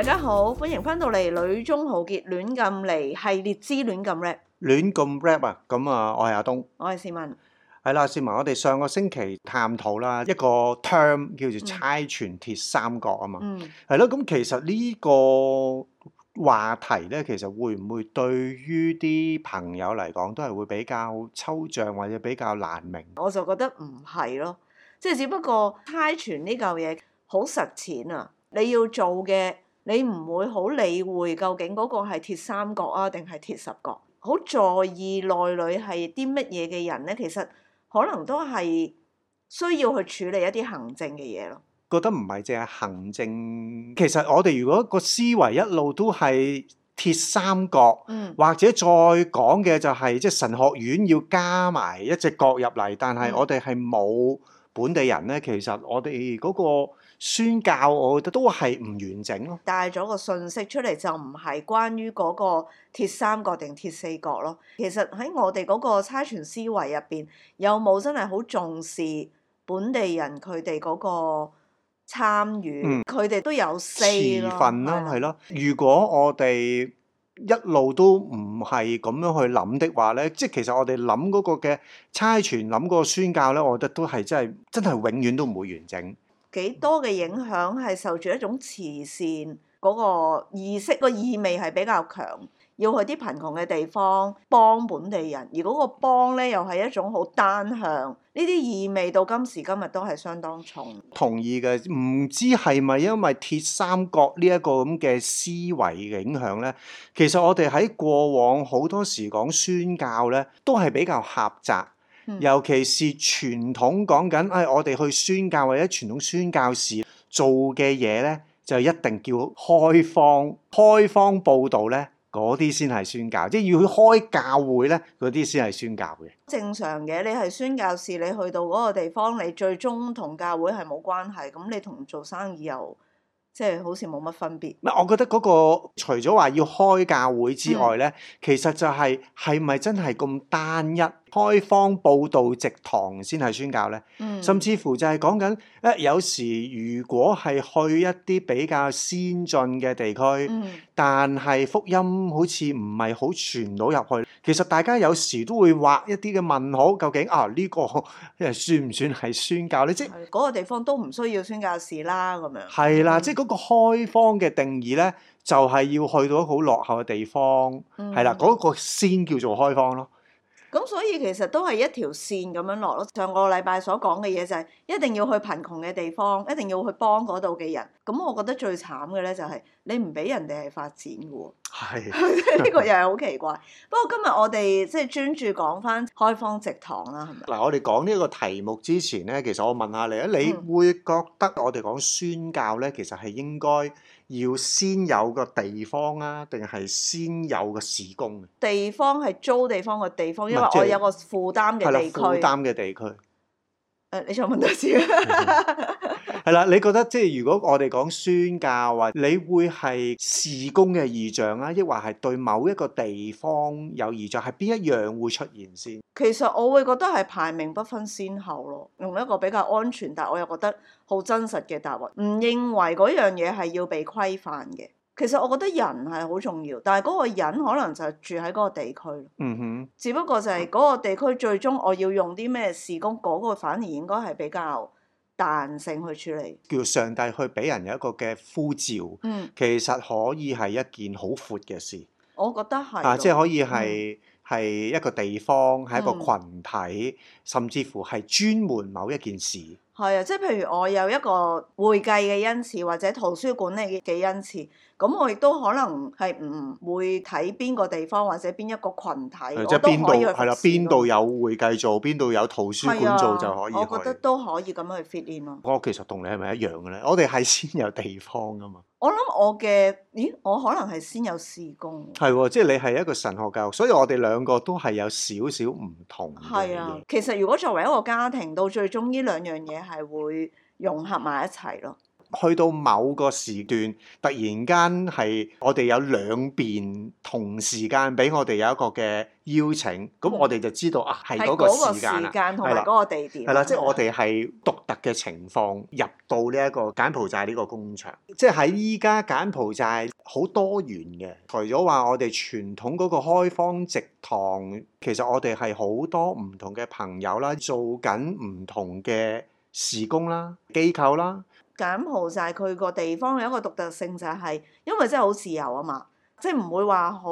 大家好，歡迎翻到嚟《女中豪傑亂咁嚟》系列之《亂咁 rap》。亂咁 rap 啊，咁啊，我係阿東，我係斯文。係啦，斯文。我哋上個星期探討啦一個 term，叫做差傳鐵三角啊嘛。嗯，係咯，咁其實呢個話題咧，其實會唔會對於啲朋友嚟講，都係會比較抽象或者比較難明？我就覺得唔係咯，即係只不過差傳呢嚿嘢好實踐啊，你要做嘅。你唔會好理會究竟嗰個係鐵三角啊，定係鐵十角？好在意內裏係啲乜嘢嘅人呢？其實可能都係需要去處理一啲行政嘅嘢咯。覺得唔係淨係行政，其實我哋如果個思維一路都係鐵三角，嗯、或者再講嘅就係即係神學院要加埋一隻角入嚟，但係我哋係冇本地人呢。其實我哋嗰個。宣教，我覺得都係唔完整咯。帶咗個信息出嚟就唔係關於嗰個鐵三角定鐵四角咯。其實喺我哋嗰個差傳思維入邊，有冇真係好重視本地人佢哋嗰個參與？佢哋、嗯、都有四份啦，係咯。如果我哋一路都唔係咁樣去諗的話咧，即、就、係、是、其實我哋諗嗰個嘅差傳諗嗰個宣教咧，我覺得都係真係真係永遠都唔會完整。幾多嘅影響係受住一種慈善嗰個意識，個意味係比較強，要去啲貧窮嘅地方幫本地人，而嗰個幫咧又係一種好單向，呢啲意味到今時今日都係相當重。同意嘅，唔知係咪因為鐵三角呢一個咁嘅思維嘅影響咧？其實我哋喺過往好多時講宣教咧，都係比較狹窄。尤其是傳統講緊，哎，我哋去宣教或者傳統宣教士做嘅嘢咧，就一定叫開荒、開荒佈道咧，嗰啲先係宣教，即係要去開教會咧，嗰啲先係宣教嘅。正常嘅，你係宣教士，你去到嗰個地方，你最終同教會係冇關係，咁你同做生意又即係好似冇乜分別。唔係、嗯，我覺得嗰、嗰個除咗話要開教會之外咧，其實就係係咪真係咁單一？開荒報道植堂先係宣教咧，嗯、甚至乎就係講緊，誒有時如果係去一啲比較先進嘅地區，嗯、但係福音好似唔係好傳到入去。其實大家有時都會畫一啲嘅問號，究竟啊呢、呢個誒算唔算係宣教咧？即係嗰個地方都唔需要宣教士啦，咁樣。係啦，嗯、即係嗰個開荒嘅定義咧，就係、係、要去到一個好落後嘅地方，係、嗯、啦，嗰、嗰個先叫做開荒咯。咁所以其實都係一條線咁樣落咯。上個禮拜所講嘅嘢就係一定要去貧窮嘅地方，一定要去幫嗰度嘅人。咁我覺得最慘嘅咧，就係你唔俾人哋係發展嘅喎。係，呢 個又係好奇怪。 不過今日我哋即係專注講翻開方直堂啦。係咪？嗱，我哋講呢一個題目之前咧，其實我問下你咧，你會覺得我哋講宣教咧，其實係應該要先有個地方啊，定係先有個事工？地方係租地方嘅地方，因為是、就是、我有個負擔嘅地區。負擔嘅地區。誒，你想問多少？係啦，你覺得即係如果我哋講宣教啊，你會係事工嘅異象啊，抑或係對某一個地方有異象，係邊一樣會出現先？其實我會覺得係排名不分先後咯，用一個比較安全，但係我又覺得好真實嘅答案。唔認為嗰樣嘢係要被規範嘅。其實我覺得人係好重要，但係嗰個人可能就住喺嗰個地區。嗯哼、mm。Hmm. 只不過就係嗰個地區最終我要用啲咩事工，嗰、嗰個反而應該係比較，彈性去處理，叫上帝去俾人有一個嘅呼召，嗯、其實可以係一件好闊嘅事。我覺得係，啊，即係可以係係、嗯、一個地方，係一個群體，嗯、甚至乎係專門某一件事。係啊，即係譬如我有一個會計嘅恩賜，或者圖書館咧嘅恩賜，咁我亦都可能係唔會睇邊個地方，或者邊一個群體，或者邊度。係啦，邊度有會計做，邊度有圖書館做就可以。我覺得都可以咁樣去 fit in 咯。我其實同你係咪一樣嘅咧？我哋係先有地方㗎嘛。我諗我嘅，咦？我可能係先有事工。係喎，即係你係一個神學教育，所以我哋兩個都係有少少唔同嘅嘢。係啊，其實如果作為一個家庭，到最終呢兩樣嘢。係會融合埋一齊咯。去到某個時段，突然間係我哋有兩邊同時間俾我哋有一個嘅邀請，咁我哋就知道啊，係嗰個時間同埋嗰個地點啦，係啦，即係、就是、我哋係獨特嘅情況入到呢一個柬埔寨呢個工場。即係喺依家柬埔寨好多元嘅，除咗話我哋傳統嗰個開荒植堂，其實我哋係好多唔同嘅朋友啦，做緊唔同嘅。時工啦，機構啦，柬埔寨佢個地方有一個獨特性就係、是，因為真係好自由啊嘛，即係唔會話好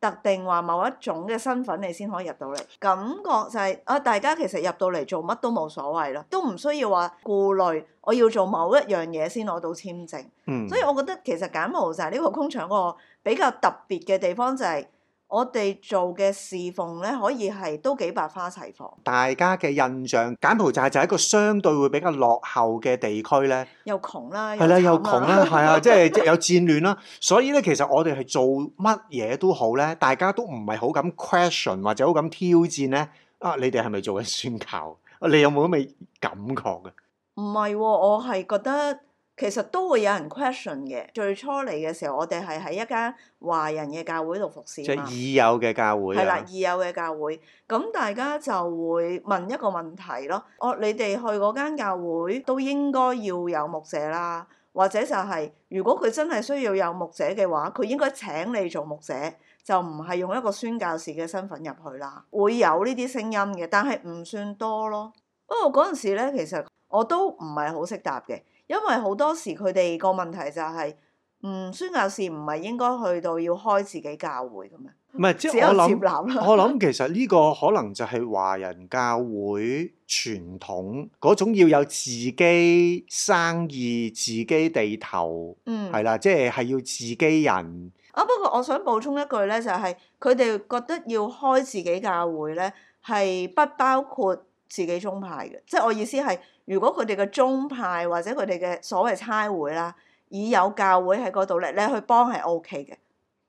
特定話某一種嘅身份你先可以入到嚟，感覺就係、是、啊大家其實入到嚟做乜都冇所謂咯，都唔需要話顧慮我要做某一樣嘢先攞到簽證，嗯，所以我覺得其實柬埔寨呢個工場個比較特別嘅地方就係、是。我哋做嘅侍奉咧，可以係都幾百花齊放。大家嘅印象，柬埔寨就係一個相對會比較落後嘅地區咧、啊啊，又窮啦，係啦，又窮啦，係啊， 即係即係有戰亂啦、啊。所以咧，其實我哋係做乜嘢都好咧，大家都唔係好敢 question 或者好敢挑戰咧。啊，你哋係咪做緊宣教？你有冇咁嘅感覺嘅？唔係、哦，我係覺得。其實都會有人 question 嘅。最初嚟嘅時候，我哋係喺一間華人嘅教會度服侍。即係已有嘅教、啊、教會。係啦，已有嘅教會。咁大家就會問一個問題咯。哦，你哋去嗰間教會都應該要有牧者啦，或者就係、係、如果佢真係需要有牧者嘅話，佢應該請你做牧者，就唔係用一個宣教士嘅身份入去啦。會有呢啲聲音嘅，但係唔算多咯。不過嗰陣時咧，其實我都唔係好識答嘅。因為好多時佢哋個問題就係、是，嗯，宣教士唔係應該去到要開自己教會咁樣？唔係只有接納我諗 其實呢個可能就係華人教會傳統嗰種要有自己生意、自己地頭，嗯，係啦，即係係要自己人。啊，不過我想補充一句咧，就係佢哋覺得要開自己教會咧，係不包括。自己宗派嘅，即係我意思係，如果佢哋嘅宗派或者佢哋嘅所謂差會啦，已有教會喺嗰度咧，你去幫係 O K 嘅，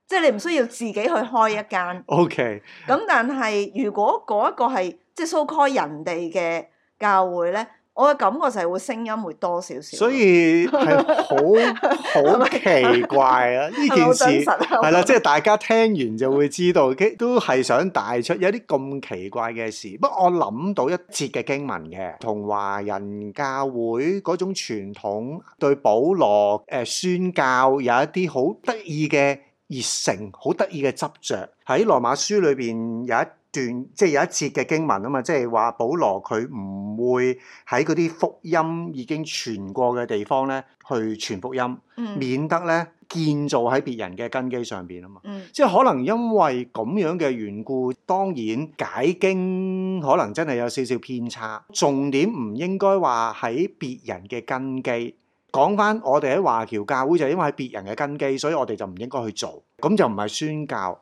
即係你唔需要自己去開一間。O Okay . K。咁但係如果嗰一個係即係 so call 人哋嘅教會咧？我嘅感覺就係會聲音會多少少，所以係好好奇怪啊！呢 件事係啦，即係、 就是、大家聽完就會知道，都係想帶出有啲咁奇怪嘅事。不過，我諗到一節嘅經文嘅，同華人教會嗰種傳統對保羅誒、呃、宣教有一啲好得意嘅。熱誠好得意嘅執着。喺羅馬書裏邊有一段即係有一節嘅經文啊嘛，即係話保羅佢唔會喺嗰啲福音已經傳過嘅地方咧去傳福音，嗯、免得咧建造喺別人嘅根基上邊啊嘛。嗯、即係可能因為咁樣嘅緣故，當然解經可能真係有少少偏差，重點唔應該話喺別人嘅根基。講翻我哋喺華僑教會就係因為係別人嘅根基，所以我哋就唔應該去做，咁就唔係宣教。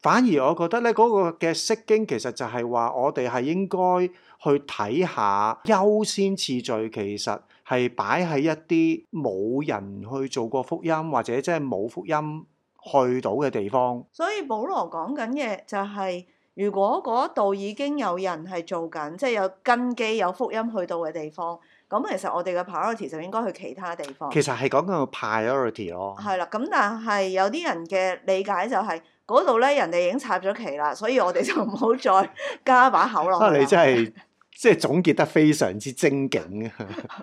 反而我覺得咧，嗰個嘅釋經其實就係話，我哋係應該去睇下優先次序，其實係擺喺一啲冇人去做過福音或者即係冇福音去到嘅地方。所以保羅講緊嘅就係。如果嗰度已經有人係做緊，即係有根基、有福音去到嘅地方，咁其實我哋嘅 priority 就應該去其他地方。其實係講緊個 priority 咯。係啦，咁但係有啲人嘅理解就係嗰度咧，人哋已經插咗旗啦，所以我哋就唔好再加把口咯。啊！ 你真係即係總結得非常之精警，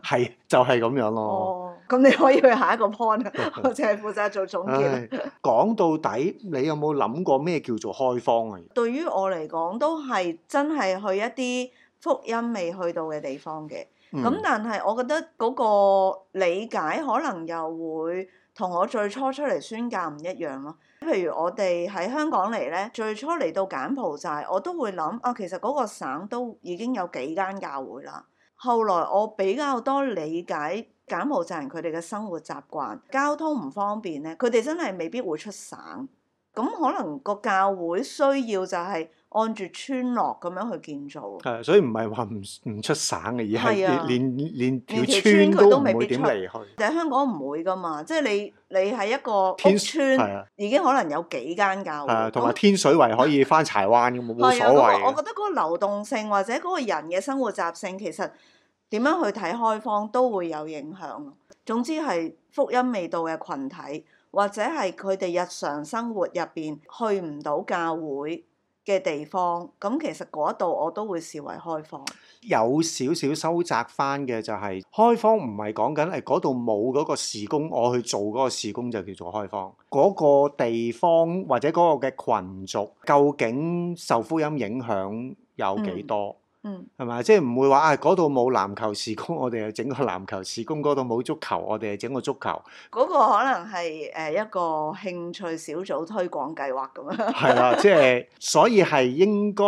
係 就係咁樣咯。哦咁你可以去下一個 point 我淨係負責做總結，哎。講 到底，你有冇諗過咩叫做開荒啊？對於我嚟講，都係真係去一啲福音未去到嘅地方嘅。咁、嗯、但係，我覺得嗰個理解可能又會同我最初出嚟宣教唔一樣咯。譬如我哋喺香港嚟呢，最初嚟到柬埔寨，我都會諗啊，其實嗰個省都已經有幾間教會啦。後來我比較多理解。柬埔寨人佢哋嘅生活習慣、交通唔方便咧，佢哋真係未必會出省。咁可能個教會需要就係按住村落咁樣去建造。係，所以唔係話唔唔出省嘅，而係連的連，連條村都未必點離去。喺、就係、香港唔會㗎嘛，即係你你係一個村，已經可能有幾間教會，同埋天水圍可以返柴灣咁冇那的所謂、那個。我覺得嗰個流動性或者嗰個人嘅生活習性其實。點樣去睇開荒都會有影響咯。總之係福音未到嘅群體，或者係佢哋日常生活入邊去唔到教會嘅地方，咁其實嗰度我都會視為開荒。有少少收窄翻嘅就係、是、開荒，唔係講緊係嗰度冇嗰個事工，我去做嗰個事工就叫做開荒。嗰、那個地方或者嗰個嘅群族，究竟受福音影響有幾多？嗯嗯，係嘛，即係唔會話啊嗰度冇籃球事工，我哋又整個籃球事工；嗰度冇足球，我哋又整個足球。嗰個可能係誒一個興趣小組推廣計劃咁樣。係啦，即係所以係應該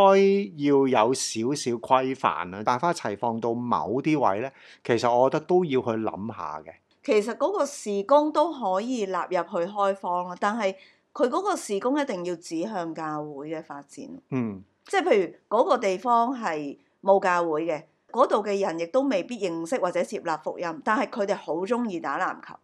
要有少少規範啦，但係百花齊放到某啲位咧，其實我覺得都要去諗下嘅。其實嗰個事工都可以納入去開荒咯，但係佢嗰個事工一定要指向教會嘅發展。嗯。即係譬如嗰、那個地方係冇教會嘅，嗰度嘅人亦都未必認識或者接納福音，但係佢哋好中意打籃球。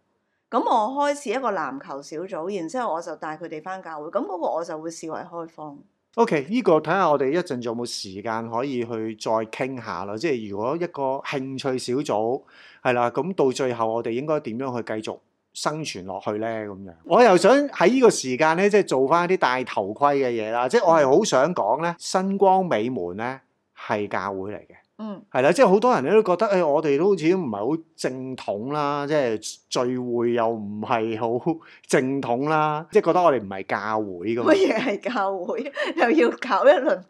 咁我開始一個籃球小組，然之後我就帶佢哋翻教會。咁、那、嗰個我就會視為開荒。OK，呢個睇下我哋一陣仲有冇時間可以去再傾下啦。即係如果一個興趣小組係啦，咁到最後我哋應該點樣去繼續？生存落去咧咁樣，我又想喺呢個時間咧，即係做返啲戴頭盔嘅嘢啦，即係我係好想講咧，新光美門咧係教會嚟嘅。嗯，係啦，即係好多人咧都覺得，誒、哎，我哋都好似唔係好正統啦，即係聚會又唔係好正統啦，即係覺得我哋唔係教會咁嘛。乜嘢係教會？又要搞一輪？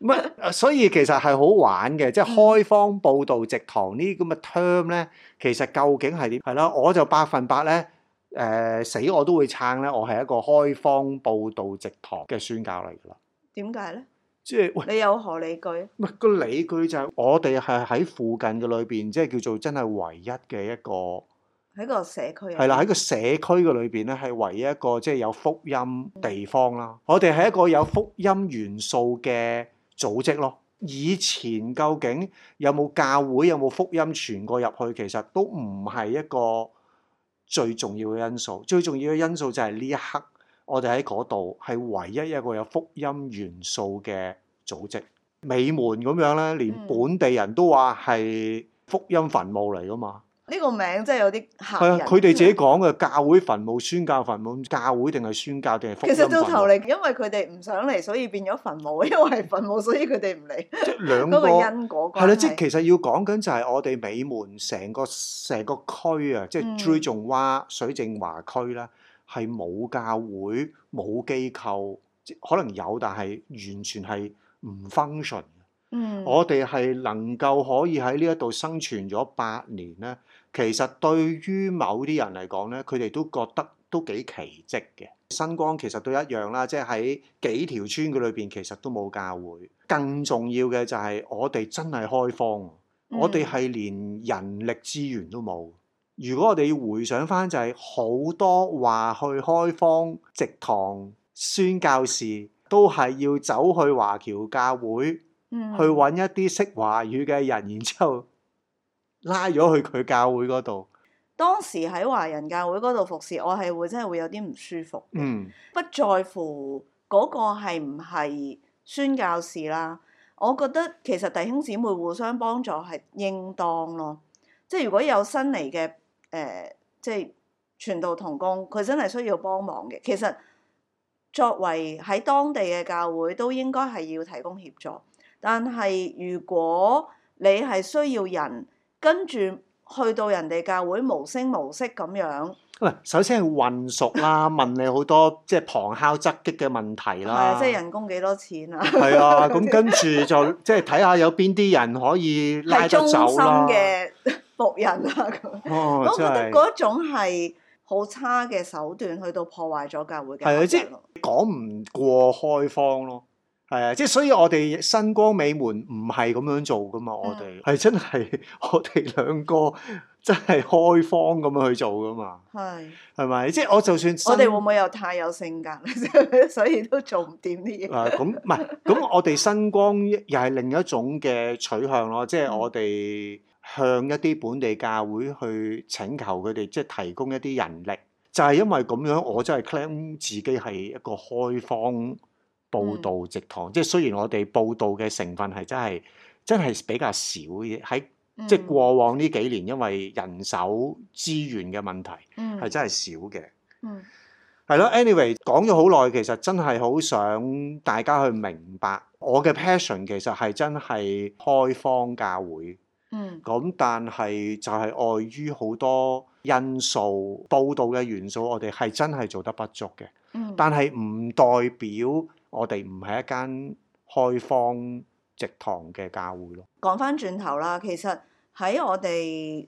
唔 係，所以其實係好玩嘅，即係開荒布道植堂呢啲咁嘅 term 咧，其實究竟係點？係啦，我就百分百咧，誒、呃，死我都會撐咧，我係一個開荒布道植堂嘅宣教嚟噶啦。點解咧？即係、就是、你有何理據？唔係個理據就係我哋係喺附近嘅裏邊，即、就、係、是、叫做真係唯一嘅一個喺個社區個。係啦，喺個社區嘅裏邊咧，係唯一一個即係、就是、有福音地方啦。我哋係一個有福音元素嘅組織咯。以前究竟有冇教會，有冇福音傳過入去，其實都唔係一個最重要嘅因素。最重要嘅因素就係呢一刻。我哋喺嗰度係唯一一個有福音元素嘅組織，美門咁樣咧，連本地人都話係福音墳墓嚟㗎嘛？呢、嗯這個名真係有啲嚇人。係啊，佢哋自己講嘅教會墳墓、宣教墳墓，教會定係宣教定係？福音墳墓其實到頭嚟，因為佢哋唔想嚟，所以變咗墳墓。因為墳墓，所以佢哋唔嚟。即係兩個 因果關係。係啦，即係其實要講緊就係我哋美門成個成個區啊，嗯、即係最仲話水淨華，華區啦。係冇教會、冇機構，可能有，但係完全係唔 function 嘅。嗯，我哋係能夠可以喺呢一度生存咗八年咧，其實對於某啲人嚟講咧，佢哋都覺得都幾奇蹟嘅。新光其實都一樣啦，即係喺幾條村嘅裏邊，其實都冇教會。更重要嘅就係我哋真係開荒。嗯，我哋係連人力資源都冇。如果我哋要回想翻，就係好多話去開荒、植堂、宣教士，都係要走去華僑教會，去揾一啲識華語嘅人，然之後拉咗去佢教會嗰度。嗯。當時喺華人教會嗰度服侍，我係會真係會有啲唔舒服嘅，嗯、不在乎嗰個係唔係宣教士啦。我覺得其實弟兄姊妹互相幫助係應當咯，即係如果有新嚟嘅。誒、呃，即係傳道同工，佢真係需要幫忙嘅。其實作為喺當地嘅教會，都應該係要提供協助。但係如果你係需要人跟住去到人哋教會，無聲無息咁樣，喂，首先係混熟啦，問你好多 即係旁敲側擊嘅問題啦。即係人工幾多錢啊？係 啊，咁跟住就即係睇下有邊啲人可以拉得走啦。僕人啊咁， 哦、我覺得嗰一種係好差嘅手段，去到破壞咗教會嘅。係啊，即係講唔過開荒咯。係啊，即、就、係、是、所以我哋新光美門唔係咁樣做噶嘛，的我哋係真係我哋兩個真係開荒咁樣去做噶嘛。係係咪？即係、就是、我就算我哋會唔會又太有性格， 所以都做唔掂啲嘢？啊咁咪咁，我哋新光又係另一種嘅取向咯，即係、嗯、我哋。向一啲本地教會去請求佢哋，即、就、係、是、提供一啲人力，就係、是、因為咁樣，我真係 claim 自己係一個開荒佈道植堂，mm. 即係雖然我哋佈道嘅成分係真係真係比較少嘅，喺、mm. 即係過往呢幾年，因為人手資源嘅問題，係、mm. 真係少嘅。嗯，係咯。anyway，講咗好耐，其實真係好想大家去明白我嘅 passion，其實係真係開荒教會。嗯，咁但係就係礙於好多因素，報導嘅元素，我哋係真係做得不足嘅。嗯，但係唔代表我哋唔係一間開荒植堂嘅教會咯。講返轉頭啦，其實喺我哋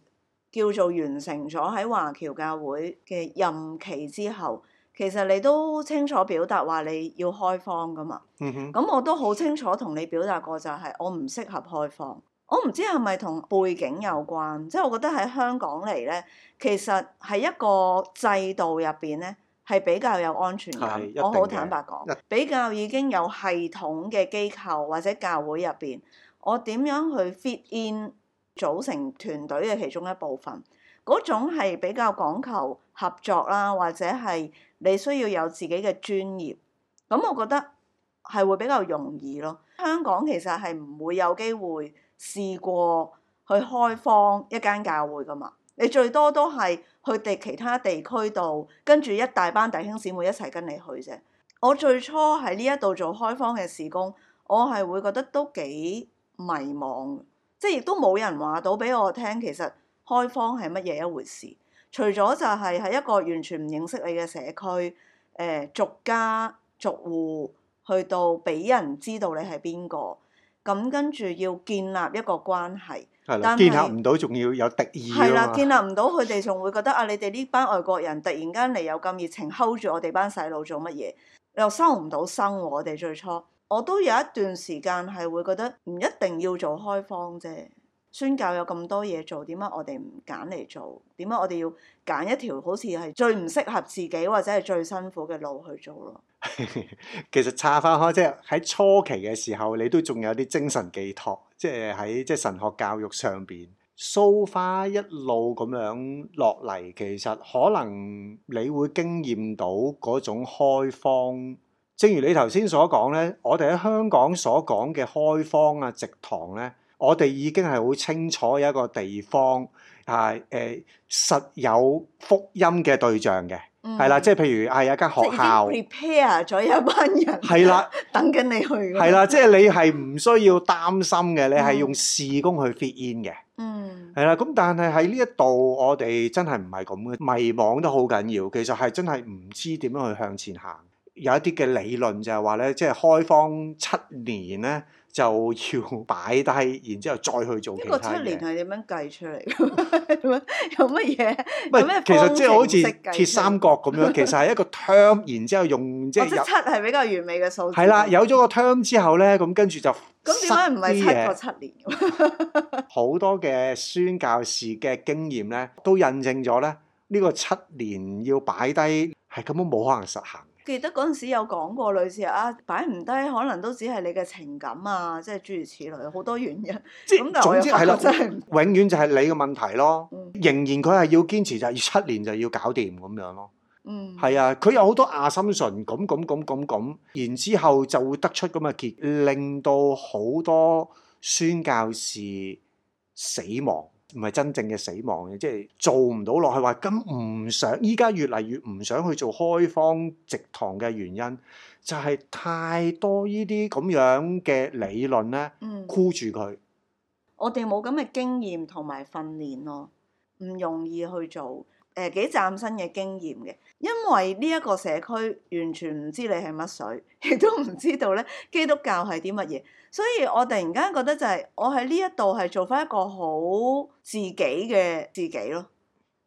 叫做完成咗喺華僑教會嘅任期之後，其實你都清楚表達話你要開荒㗎嘛。嗯哼，咁我都好清楚同你表達過，就係我唔適合開荒。我唔知係咪同背景有關，即係我覺得喺香港嚟呢，其實係一個制度入邊呢，係比較有安全感。我好坦白講，比較已經有系統嘅機構或者教會入邊，我點樣去 fit in 組成團隊嘅其中一部分，嗰種係比較講求合作啦，或者係你需要有自己嘅專業咁，我覺得係會比較容易咯。香港其實係唔會有機會。試過去開荒一間教會噶嘛？你最多都係去地其他地區度，跟住一大班弟兄姊妹一齊跟你去啫。我最初喺呢一度做開荒嘅事工，我係會覺得都幾迷茫，即係亦都冇人話到俾我聽，其實開荒係乜嘢一回事。除咗就係喺一個完全唔認識你嘅社區，誒逐家逐戶去到俾人知道你係邊個。咁跟住要建立一個關係，的但是建立唔到，仲要有敵意啊嘛。建立唔到，佢哋仲會覺得啊，你哋呢班外國人突然間嚟有咁熱情，hold 住我哋班細路做乜嘢？又收唔到生。我哋最初我都有一段時間係會覺得唔一定要做開荒啫。宣教有咁多嘢做，點解我哋唔揀嚟做？點解我哋要揀一條好似係最唔適合自己或者係最辛苦嘅路去做咯？ 其實岔翻開，即係喺初期嘅時候，你都仲有啲精神寄託，即係喺即係神學教育上邊 So far 一路咁樣落嚟。其實可能你會經驗到嗰種開荒。正如你頭先所講咧，我哋喺香港所講嘅開荒啊、植堂咧。我哋已經係好清楚一個地方，係、啊、誒、呃、實有福音嘅對象嘅，係啦、嗯，即係譬如係一間學校，prepare 咗一班人的，係啦，等緊你去，係啦，即係你係唔需要擔心嘅，你係用事工去 fit in 嘅，嗯，係啦，咁但係喺呢一度，我哋真係唔係咁嘅，迷茫都好緊要，其實係真係唔知點樣去向前行，有一啲嘅理論就係話咧，即係開荒七年咧。就要擺低，然之後再去做其他。呢個七年係點樣計出嚟嘅？ 有乜嘢麼？唔係，其實即係好似鐵三角咁樣， 其實係一個 term，然之後用 即係七係比較完美嘅數字。係啦，有咗個 term 之後咧，咁跟住就。咁點解唔係七個七年？好 多嘅宣教士嘅經驗咧，都印證咗咧，呢、這個七年要擺低係根本冇可能實行。記得嗰陣時有講過類似啊，擺唔低可能都只係你嘅情感啊，即係諸如此類好多原因。咁即 但係我有啦，真係之 永遠就係你嘅問題咯。嗯、仍然佢係要堅持就係七年就要搞掂咁樣咯。嗯，係啊，佢有好多 assumption 咁咁咁咁咁，然之後就會得出咁嘅結，令到好多宣教士死亡。唔係真正嘅死亡嘅，即係做唔到落去。話咁唔想，依家越嚟越唔想去做開荒植堂嘅原因，就係、是、太多這這呢啲咁、嗯、樣嘅理論咧，箍住佢。我哋冇咁嘅經驗同埋訓練咯，唔容易去做。誒幾嶄新嘅經驗嘅，因為呢一個社區完全唔知你係乜水，亦都唔知道咧，基督教係啲乜嘢，所以我突然間覺得就係我喺呢一度係做翻一個好自己嘅自己咯，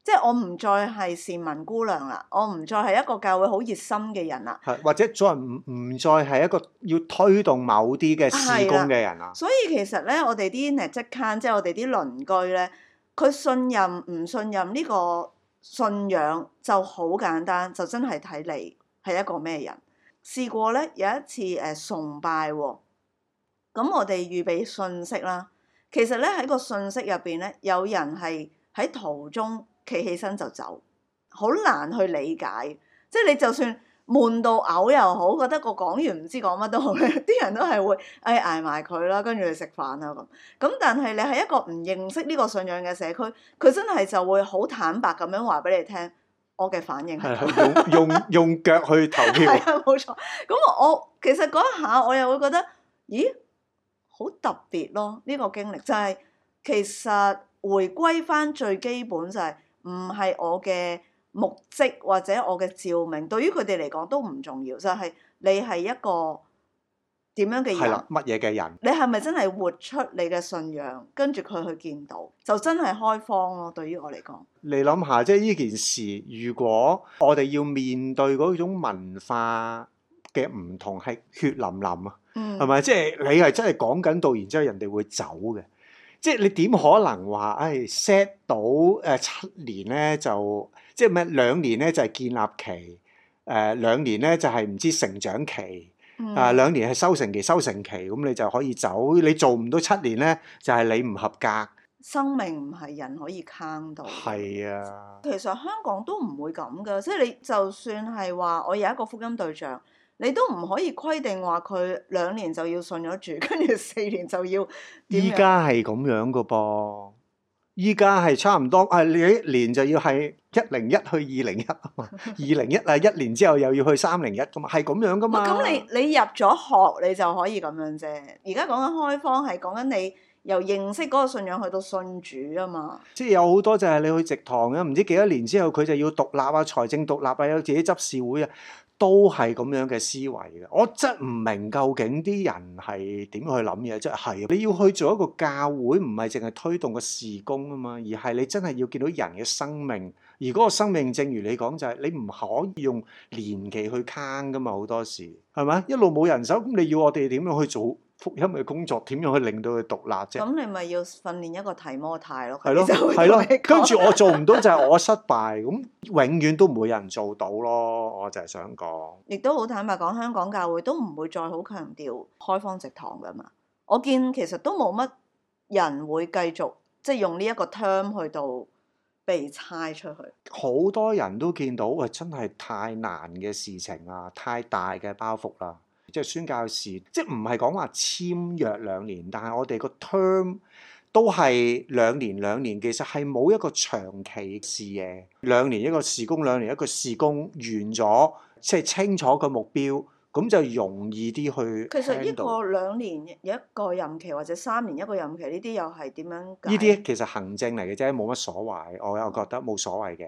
即係我唔再係善民姑娘啦，我唔再係一個教會好熱心嘅人啦，係或者再唔唔再係一個要推動某啲嘅事工嘅人啦。所以其實咧，我哋啲 n e 即係我哋啲鄰居咧，佢信任唔信任呢個信仰就好簡單，就真係睇你係一個咩人。試過咧有一次誒、呃、崇拜喎、哦，咁、嗯、我哋預備信息啦。其實咧喺個信息入邊咧，有人係喺途中企起身就走，好難去理解。即係你就算。悶到嘔又好，覺得個講完唔知講乜都好，啲人都係會哎捱埋佢啦，跟住去食飯啦咁。咁但係你係一個唔認識呢個信仰嘅社區，佢真係就會好坦白咁樣話俾你聽，我嘅反應係的 用用，用腳去投票，係啊冇錯。咁我其實嗰一下我又會覺得，咦好特別咯呢、呢個經歷就係、係、其實回歸翻最基本就係唔係我嘅。目的或者我嘅照明，對於佢哋嚟講都唔重要，就係、是、你係一個點樣嘅人，乜嘢嘅人？你係咪真係活出你嘅信仰，跟住佢去見到，就真係開荒咯。對於我嚟講，你諗下，即係呢件事，如果我哋要面對嗰種文化嘅唔同，係血淋淋啊，係咪、嗯？即係你係真係講緊到，然之後人哋會走嘅。即係你點可能話？誒 set 到誒七年咧就即係咩？兩年咧就係建立期，誒兩年咧就係唔知成長期，啊兩年係收成期，收成期咁你就可以走。你做唔到七年咧，就係你唔合格。生命唔係人可以 count 到。係啊，其實香港都唔會咁噶，即係你就算係話我有一個福音對象。你都唔可以規定話佢兩年就要信咗主，跟住四年就要。依家係咁樣噶噃，依家係差唔多啊！你、哎、一年就要係一零一去二零一，二零一啊一年之後又要去三零一噶嘛，係咁樣噶嘛。咁，你你入咗學，你就可以咁樣啫。而家講緊開荒係講緊你由認識嗰個信仰去到信主啊嘛。即係有好多就係你去植堂啊，唔知幾多年之後佢就要獨立啊，財政獨立啊，有自己執事會啊。都係咁樣嘅思維嘅，我真唔明究竟啲人係點去諗嘢啫。係、就是、你要去做一個教會，唔係淨係推動個事工啊嘛，而係你真係要見到人嘅生命。而嗰個生命正如你講就係、是，你唔可以用年期去坑㗎嘛，好多時係咪？一路冇人手，咁你要我哋點樣去做？福音嘅工作點樣去令到佢獨立啫？咁、嗯、你咪要訓練一個提摩太咯。係咯、啊，係咯、啊。跟住我做唔到就係我失敗，咁 永遠都唔會有人做到咯。我就係想講。亦都好坦白講，香港教會都唔會再好強調開荒植堂噶嘛。我見其實都冇乜人會繼續即係用呢一個 term 去到被猜出去。好多人都見到，喂，真係太難嘅事情啦，太大嘅包袱啦。即係宣教事，即係唔係講話簽約兩年，但係我哋個 term 都係兩年兩年，其實係冇一個長期視野。兩年一個試工，兩年一個試工完咗，即係清楚個目標，咁就容易啲去。其實一個兩年一個任期，或者三年一個任期，呢啲又係點樣？呢啲其實行政嚟嘅啫，冇乜所謂。我又覺得冇所謂嘅。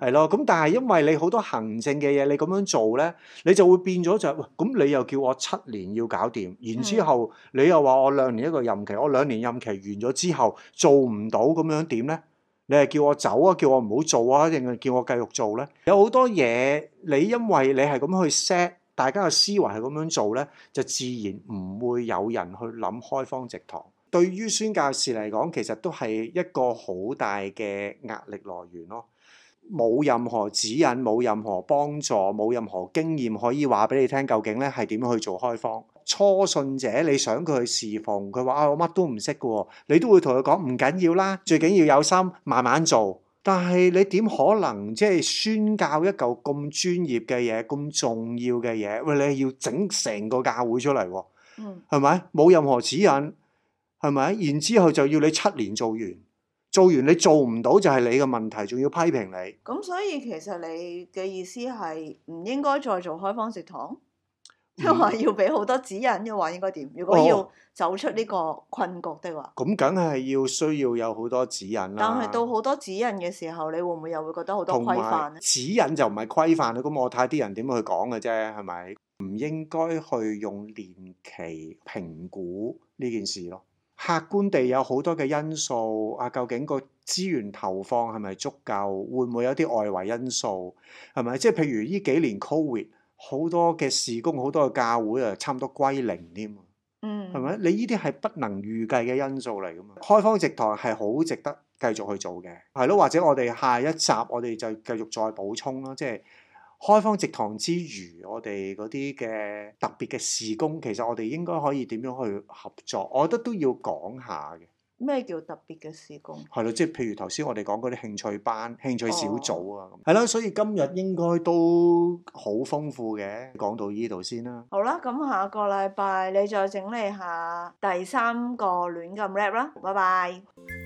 係咯，咁但係因為你好多行政嘅嘢，你咁樣做咧，你就會變咗就是，咁、哎、你又叫我七年要搞掂，然之後你又話我兩年一個任期，我兩年任期完咗之後做唔到咁樣點咧？你係叫我走啊，叫我唔好做啊，定係叫我繼續做咧？有好多嘢，你因為你係咁樣去 set 大家嘅思維係咁樣做咧，就自然唔會有人去諗開荒植堂。對於宣教士嚟講，其實都係一個好大嘅壓力來源咯。冇任何指引，冇任何幫助，冇任何經驗可以話俾你聽，究竟咧係點樣去做開荒。初信者，你想佢去侍奉，佢話啊，我乜都唔識嘅喎，你都會同佢講唔緊要啦，最緊要有心，慢慢做。但係你點可能即係宣教一嚿咁專業嘅嘢，咁重要嘅嘢？喂，你要整成個教會出嚟喎，係咪、嗯？冇任何指引，係咪？然之後就要你七年做完。做完你做唔到就係你嘅問題，仲要批評你。咁所以其實你嘅意思係唔應該再做開荒植堂，因為要俾好多指引嘅話應該點？如果要走出呢個困局的話，咁梗係要需要有好多指引啦。但係到好多指引嘅時候，你會唔會又會覺得好多規範？指引就唔係規範啦。咁我睇啲人點去講嘅啫，係咪？唔應該去用年期評估呢件事咯。客觀地有好多嘅因素，啊，究竟個資源投放係咪足夠？會唔會有啲外圍因素係咪？即係譬如呢幾年 Covid 好多嘅事工、好多嘅教會啊，差唔多歸零添。嗯，係咪？你呢啲係不能預計嘅因素嚟㗎嘛。開荒植堂係好值得繼續去做嘅，係咯。或者我哋下一集我哋就繼續再補充咯，即係。開荒植堂之餘，我哋嗰啲嘅特別嘅事工，其實我哋應該可以點樣去合作？我覺得都要講下嘅。咩叫特別嘅事工？係咯，即係譬如頭先我哋講嗰啲興趣班、興趣小組啊，係啦、哦。所以今日應該都豐好豐富嘅。講到依度先啦。好啦，咁下個禮拜你再整理下第三個亂咁 rap 啦。拜拜。